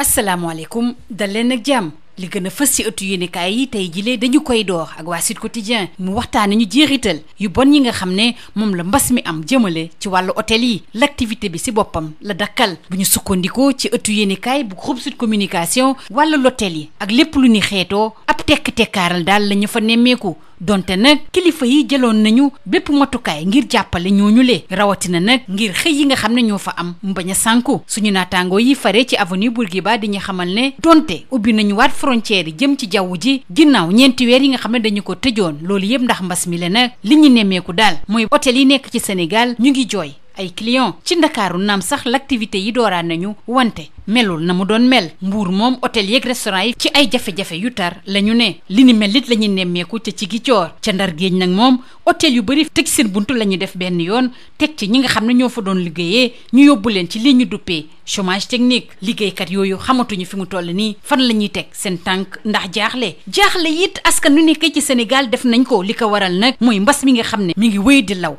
asalaamaaleykum dal leen ak jàmm li gën a fës ci ëttu yéenekaay yi tey jilee dañu koy door ak waa sit Sud Quotidien mu waxtaane ñu jeexital yu bon yi nga xam ne moom la mbas mi am jëmale ci wàllu hôtel yi l'activité bi ci boppam la dakkal bu ñu sukkandikoo ci ëttu yéenekaay bu groupe Sud Communication wàllu l'hôtel yi ak lépp lu ni xeetoo ab tekk-tekkaaral daal lañu fa nemmeeku donte nag kilifa yi jëloon nañu bépp matukaay ngir jàppale ñooñu lee rawatina nag ngir xëy yi nga xam ne ñoo fa am mbañ a sànku suñu naataangoo yi fare ci avenue Bourguiba di ñu xamal ne donte ubbi nañu waat frontière yi jëm ci jaww ji ginnaaw ñeenti weer yi nga xam ne dañu ko tëjoon loolu yëpp ndax mbas mi la nag li ñu nemmeeku daal mooy hôtel yi nekk ci Sénégal ñu ngi jooy ay clients ci ndakaaru naam sax l'activité yi dooraan nañu wante melul na mu doon mel mbuur moom hôtel yeeg restaurant yi ci ay jafe-jafe yu tar la ñu ne li ni mel it la ñu nemmeeku ca ci gi ca ndar géej nag moom hôtel yu bëri tëj seen buntu la ñu def benn yoon teg ci ñi nga xam ne ñoo fa doon liggéeyee ñu yóbbu leen ci lii ñu duppee chomage technique liggéeykat yooyu xamatuñu fi mu toll nii fan la ñuy teg seen tànk ndax jaaxle jaaxle it askan nu nekkee ci Sénégal def nañ ko li ko waral nag mooy mbas mi nga xam ne mi ngi wéy di law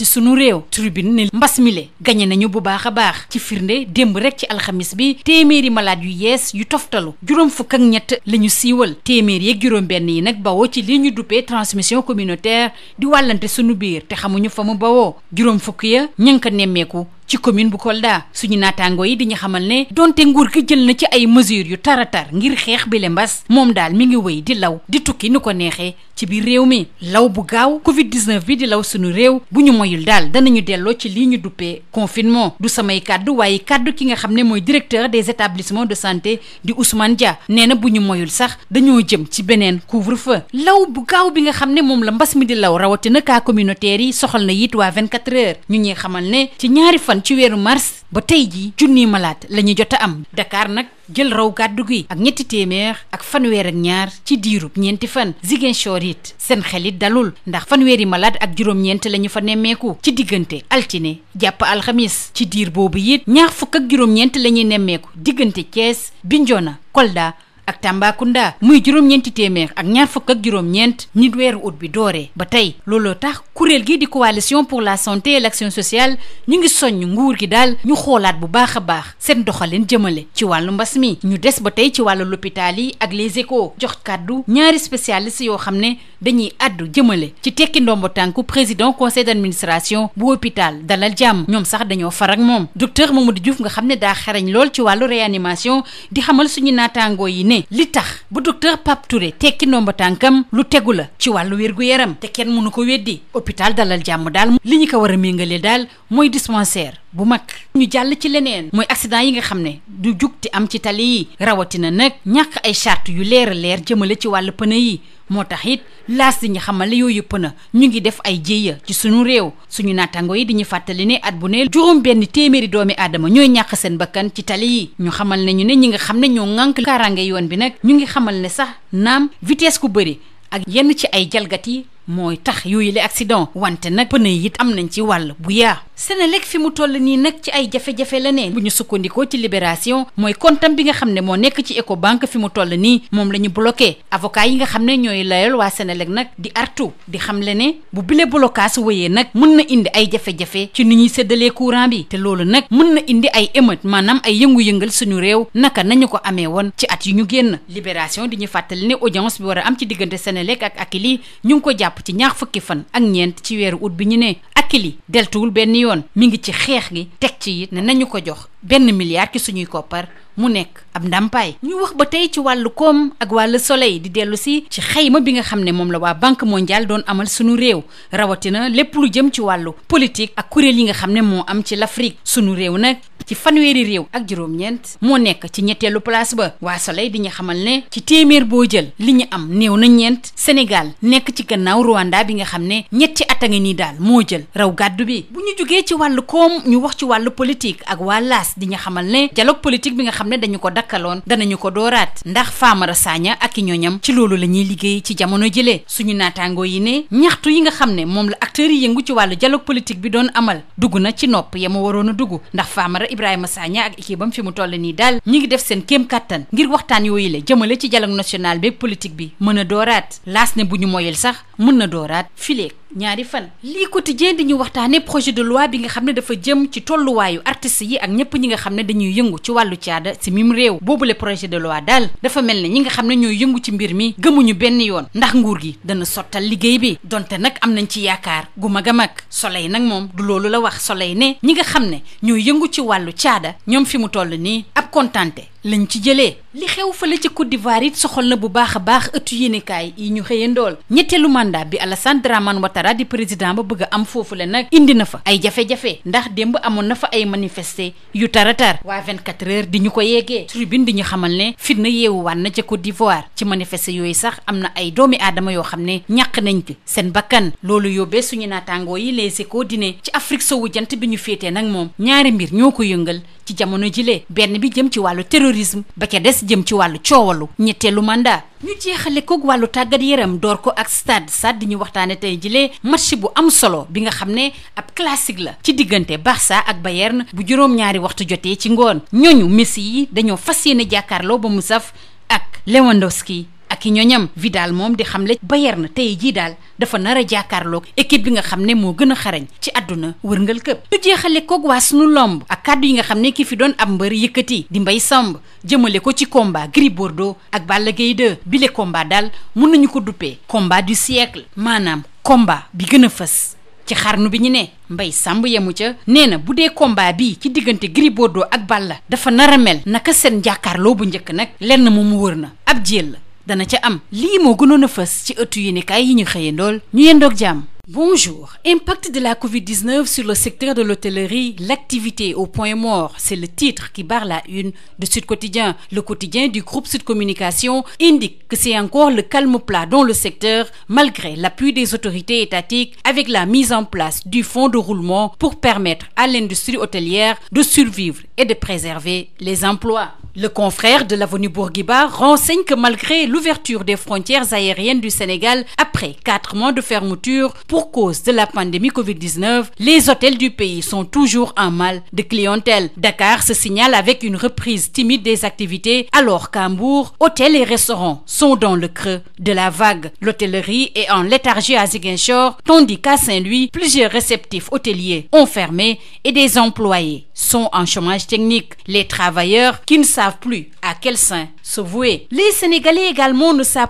ci sunu réew tribune ni mbas mile gañe nañu bu baax a baax ci firnde démb rek ci alxamis bi téeméeri malade yu yees yu toftalu juróom fukk ak ñett la ñu siiwal téeméer yeeg juróom benn yi nag bawoo ci li ñu duppee transmission communautaire di wàllante sunu biir te xamuñu fa mu bawoo juróom fukk ya ña ngi ko nemmeeku ci commune bu Kolda suñu naataango yi di diñu xamal ne donte nguur gi jël na ci ay mesures yu tar ngir xeex bi le mbas moom daal mi ngi wéy di law di tukki ni ko neexee ci biir réew mi law bu gaaw Covid 19 bi di law suñu réew bu ñu moyul daal danañu delloo ci lii ñu duppee confinement du samay kàddu waaye kàddu ki nga xam ne mooy directeur des établissements de santé di Ousmane Dia nee na bu ñu moyul sax dañoo jëm ci beneen couvre-feu law bu gaaw bi nga xam ne moom la mbas mi di law rawatina cas communautaire yi soxal na it waa 24 heures ñu ñuy xamal ne ci ñaari fan ci weeru mars ba tey jii junniy malaat la ñu jot a am dakaar nag jël raw gàddu gi ak ñetti téeméer ak fanweer ak ñaar ci diiru ñeenti fan Ziguinchor it seen xel it dalul ndax fanweeri malaat ak juróom-ñeent la ñu fa nemmeeku ci diggante altine jàpp alxamis ci diir boobu it ñaar fukk ak juróom-ñeent la ñuy nemmeeku diggante Thiès Bignona Kolda. ak Tambacounda muy juróom-ñeenti téeméer ak ñaar fukk ak juróom-ñeent nit weeru ut bi dooree ba tey looloo tax kuréel gi di coalition pour la santé et l'action sociale ñu ngi soññ nguur gi daal ñu xoolaat bu baax a baax seen doxalin jëmale ci wàllu mbas mi ñu des ba tey ci wàllu l'hôpital yi ak les échos jox kàddu ñaari spécialiste yoo xam ne dañuy àddu jëmale ci tekki ndombo tànku président conseil d'administration bu hôpital Dalal Jàmm ñoom sax dañoo far ak moom docteur Mamadou Diouf nga xam ne daa xarañ lool ci wàllu réanimation di li tax bu docteur Pape Touré tekki ndomba tànkam lu tegu la ci wàllu wér-gu-yaram te kenn mënu ko weddi hôpital dalal jàmm daal li ñu ko war a méngale daal mooy dispensaire bu mag ñu jàll ci leneen mooy accident yi nga xam ne du jug ti am ci tali yi rawatina nag ñàkk ay charte yu leer a leer jëmale ci wàll pneu yi moo tax it laas di ñu xamale yooyu yëpp na ñu ngi def ay jéeya ci suñu réew suñu naataango yi di ñu fàttali ne at bu ne juróom benn téeméeri doomi aadama ñooy ñàkk seen bakkan ci tali yi ñu xamal ne ñu ne ñi nga xam ne ñoo ŋànk kaaraange yoon bi nag ñu ngi xamal ne sax naam vitesse ku bëri ak yenn ci ay jalgati mooy tax yooyu le accident wante nag pneu yi am nañ ci wàll bu yaa Senelec fi mu toll nii nag ci ay jafe-jafe la ne bu ñu sukkandikoo ci libération mooy kontam bi nga xam ne moo nekk ci Ecobank fi mu toll nii moom la ñu bloqué avocat yi nga xam ne ñooy layal waa Senelec nag di artu di xam le ne bu bile blocage wéyee nag mën na indi ay jafe-jafe ci ni ñuy séddalee courant bi te loolu nag mën na indi ay émeute maanaam ay yëngu-yëngal suñu réew naka nañu ko amee woon ci at yu ñu génn libération di ñu fàttali ne audience bi war a am ci diggante Senelec ak Akilee ci ñaar fukki fan ak ñeent ci weeru ut bi ñu ne Akilee deltuwul benn yoon mi ngi ci xeex gi teg ci it ne nañu ko jox benn milliard ci suñuy koppar mu nekk ab ndàmpaay ñu wax ba tey ci wàllu koom ak wàllu soleil di dellusi si ci xayma bi nga xam ne moom la waa banque mondiale doon amal sunu réew rawatina lépp lu jëm ci wàllu politique ak kuréel yi nga xam ne moo am ci l'Afrique sunu réew nag ci fanweeri réew ak juróom moo nekk ci ñetteelu place ba waa soleil di ñu xamal ne ci téeméer boo jël li ñu am néew na ñeent Sénégal nekk ci gannaaw Rwanda bi nga xam ne ñetti at a ngi daal moo jël raw gàddu bi ñu jugee ci wàllu koom ñu wax ci wàllu politique ak waa laas di ñu xamal ne dialogue politique bi nga xam ne dañu ko dakkaloon danañu ko dooraat ndax Famara Sagna ak i ñooñam ci loolu la ñuy liggéey ci jamono jëlee suñu naataangoo yi ne ñaxtu yi nga xam ne moom la acteurs yi yëngu ci wàllu dialogue politique bi doon amal dugg na ci nopp ya ma waroon a dugg ndax Famara Ibrahima Sagna ak équipe am fi mu toll nii daal ñi ngi def seen kéem kattan ngir waxtaan yooyu la jëmale ci dialogue national beeg politique bi mën a dooraat laas ne bu ñu moyil sax mën na dooraat fileek ñaari fan lii quotidien di ñu waxtaane projet de loi bi nga xam ne dafa jëm ci tolluwaayu artistes yi ak ñëpp ñi nga xam ne dañuy yëngu ci wàllu caada si mim réew boobule projet de loi daal dafa mel ne ñi nga xam ne ñooy yëngu ci mbir mi gëmuñu benn yoon ndax nguur gi dana sottal liggéey bi donte nag am nañ ci yaakaar gu mag a mag Soleil nag moom du loolu la wax Soleil ne ñi nga xam ne ñooy yëngu ci wàllu caada ñoom fi mu toll nii ab kontante lañ ci jëlee li xew fa fële ci Côte d'Ivoire it soxal na bu baax a baax ëttu yéenekaay yi ñu xëyandool ñetteelu mandat bi Alassane Dramane Ouattara di président ba bëgg am foofu la nag indi na fa ay jafe-jafe ndax démb amoon na fa ay manifester yu taratar waa 24 heures di ñu ko yeegee tribune di ñu xamal ne fitna yeewuwaat na ca Côte d'Ivoire ci manifester yooyu sax am na ay doomi aadama yoo xam ne ñàq nañ ci seen bakkan loolu yóbbee suñu naataangoo yi Les Échos di ne ci Afrique sowu jant bi ñu féetee nag moom ñaari mbir ñoo ko yëngal ci jamono jile benn terrorisme ba ca des jëm ci wàllu coowalu ñetteelu mandat ñu jeexale kook wàllu tàggat yaram door ko ak stade stade di ñu waxtaane tey jilee match bu am solo bi nga xam ne ab classique la ci diggante Barça ak Bayern bu juróom-ñaari waxtu jotee ci ngoon ñooñu Messi yi dañoo fas yéene jàkkaarloo ba mu saf ak Lewandowski ak i ñoñam Vidal moom di xam le na tey jii daal dafa nar a jàkkaarloo équipe bi nga xam ne moo gën a xarañ ci àdduna wërngal këpp du jeexale koog waa sunu lomb ak kàddu yi nga xam ne kii fi doon ab mbër yëkkati di mbay Samb jëmale ko ci komba Gris Bordeaux ak Balla Gaye bile komba daal mun nañu ko duppee komba du siècle maanaam komba bi gën a fës ci xarnu bi ñu ne mbay Samb yemu ca nee na bu dee combat bi ci diggante Gris Bordeaux ak Balla dafa nar naka seen jàkkaarloo bu njëkk nag lenn mu mu wër na ab jéel la dana ca am lii moo gënoon fës ci ëttu kaay yi ñu xëyandool ñu yendoog jàmm Bonjour. Impact de la Covid-19 sur le secteur de l'hôtellerie, l'activité au point mort, c'est le titre qui barre la une de Sud Quotidien. Le quotidien du groupe Sud Communication indique que c'est encore le calme plat dans le secteur, malgré l'appui des autorités étatiques, avec la mise en place du fonds de roulement pour permettre à l'industrie hôtelière de survivre et de préserver les emplois. Le confrère de l'avenue Bourguiba renseigne que malgré l'ouverture des frontières aériennes du Sénégal après quatre mois de fermeture, pour cause de la pandémie Covid-19, les hôtels du pays sont toujours en mal de clientèle. Dakar se signale avec une reprise timide des activités alors qu'Hambourg, hôtels et restaurants sont dans le creux de la vague. L'hôtellerie est en léthargie à Ziguinchor, tandis qu'à Saint-Louis, plusieurs réceptifs hôteliers ont fermé et des employés sont en chômage technique. Les travailleurs qui ne savent plus à quel saint se vouer. Les Sénégalais également ne savent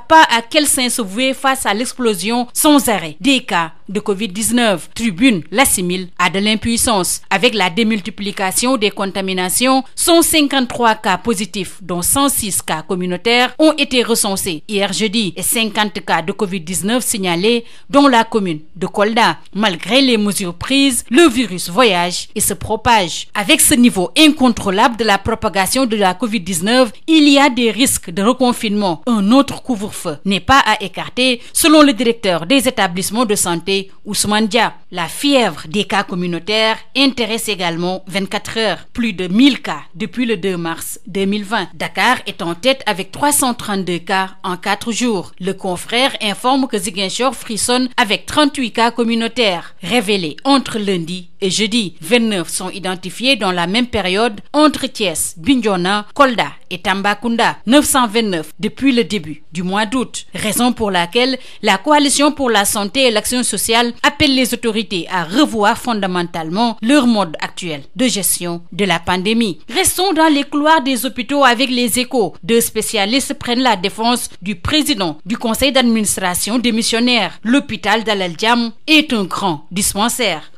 voilà de Covid-19. Tribune l'assimile à de l'impuissance. Avec la démultiplication des contaminations, 153 cas positifs, dont 106 cas communautaires, ont été recensés hier jeudi et 50 cas de Covid-19 signalés dans la commune de Kolda. Malgré les mesures prises, le virus voyage et se propage. Avec ce niveau incontrôlable de la propagation de la Covid-19, il y a des risques de reconfinement. Un autre couvre-feu n'est pas à écarter, selon le directeur des établissements de santé Traoré, Ousmane Dia. La fièvre des cas communautaires intéresse également 24 heures. Plus de 1000 cas depuis le 2 mars 2020. Dakar est en tête avec 332 cas en 4 jours. Le confrère informe que Ziguinchor frissonne avec 38 cas communautaires révélés entre lundi et jeudi 29 sont identifiés dans la même période entre Thiès, Bignona, Kolda et Tambacounda, 929 depuis le début du mois d'août. Raison pour laquelle la Coalition pour la santé et l'action sociale appelle les autorités à revoir fondamentalement leur mode actuel de gestion de la pandémie. Restons dans les couloirs des hôpitaux avec les échos. Deux spécialistes prennent la défense du président du conseil d'administration démissionnaire. L'hôpital Dalal Jamm est un grand dispensaire,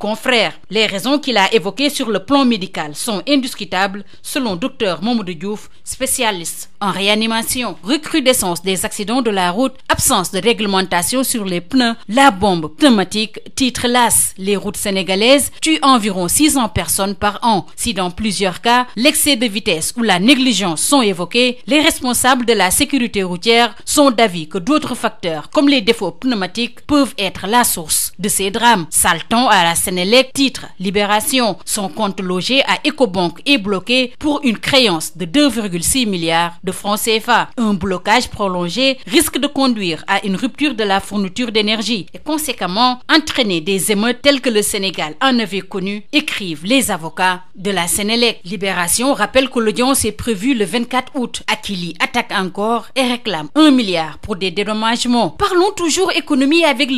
confrères. Les raisons qu'il a évoquées sur le plan médical sont indiscutables, selon docteur Mamoudou Diouf, spécialiste en réanimation. Recrudescence des accidents de la route, absence de réglementation sur les pneus, la bombe pneumatique, titre l'AS. Les routes sénégalaises tuent environ 600 personnes par an. Si dans plusieurs cas, l'excès de vitesse ou la négligence sont évoqués, les responsables de la sécurité routière sont d'avis que d'autres facteurs, comme les défauts pneumatiques, peuvent être la source Sénélec titre Libération son compte logé à Ecobank est bloqué pour une créance de 2,6 milliards de francs CFA un blocage prolongé risque de conduire à une rupture de la fourniture d'énergie et conséquemment entraîner des émeutes telles que le Sénégal en avait connu écrivent les avocats de la Sénélec Libération rappelle que l'audience est prévue le 24 août Akili attaque encore et réclame un milliard pour des dédommagements parlons toujours économie avec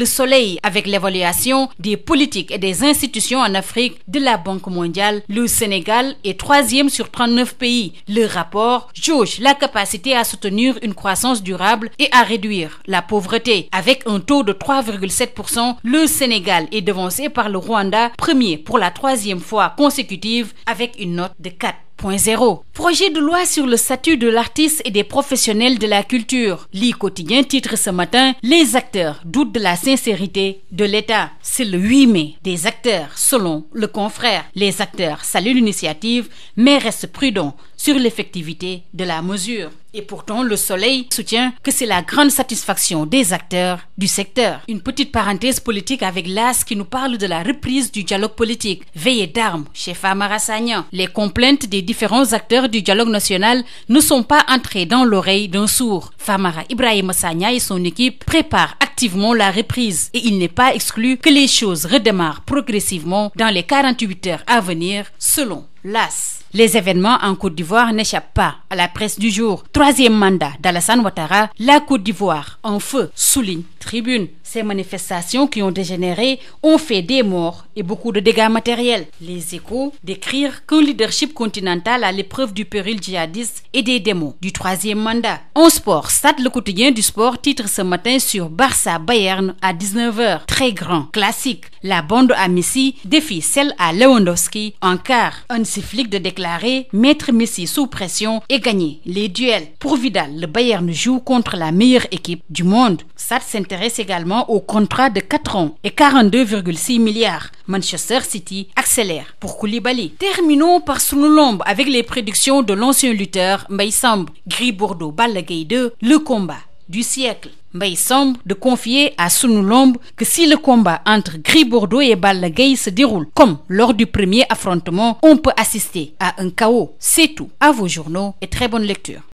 des institutions en Afrique de la Banque mondiale, le Sénégal et troisième sur 39 pays. Le rapport jauge la capacité à soutenir une croissance durable et à réduire la pauvreté. Avec un taux de 3,7%, le Sénégal est devancé par le Rwanda, premier pour la troisième fois consécutive, avec une note de 4. 4.0 projet de loi sur le statut de l'artiste et des professionnels de la culture lii quotidien titre ce matin les acteurs doutent de la sincérité de l'État c'est le 8 mai des acteurs selon le confrère les acteurs saluent l'initiative mais restent prudents sur l'effectivité de la mesure. Et pourtant, le Soleil soutient que c'est la grande satisfaction des acteurs du secteur. Une petite parenthèse politique avec l'AS qui nous parle de la reprise du dialogue politique. Veillée d'armes chez Famara Sagnan. Les complaintes des différents acteurs du dialogue national ne sont pas entrées dans l'oreille d'un sourd. Famara Ibrahima Sagnan et son équipe préparent activement la reprise et il n'est pas exclu que les choses redémarrent progressivement dans les 48 venir selon L'AS. Les événements en Côte d'Ivoire n'échappent pas à la presse du jour. Troisième mandat d'Alassane Ouattara, la Côte d'Ivoire en feu, souligne tribune. Ces manifestations qui ont dégénéré ont fait des morts et beaucoup de dégâts matériels. Les échos décrire qu'un leadership continental à l'épreuve du péril djihadiste et des démons du troisième mandat. En sport, Stade le quotidien du sport titre ce matin sur Barça-Bayern à 19h. Très grand, classique. La bande à Messi défie celle à Lewandowski en quart. Un flic de déclarer mettre Messi sous pression et gagner les duels. Pour Vidal, le la meilleure s'intéresse également au contrat de 4 ans et 42,6 milliards. Manchester City accélère pour Koulibaly. Terminons par sunu lomb avec les prédictions de l'ancien lutteur Mbaye Samb. Gris Bordeaux Balla Gaye 2, le combat du siècle. Mbaye Samb de confier à sunu lomb que si le combat entre Gris Bordeaux et Balla Gaye se déroule comme lors du premier affrontement, on peut assister à un chaos. C'est tout. À vos journaux et très bonne lecture.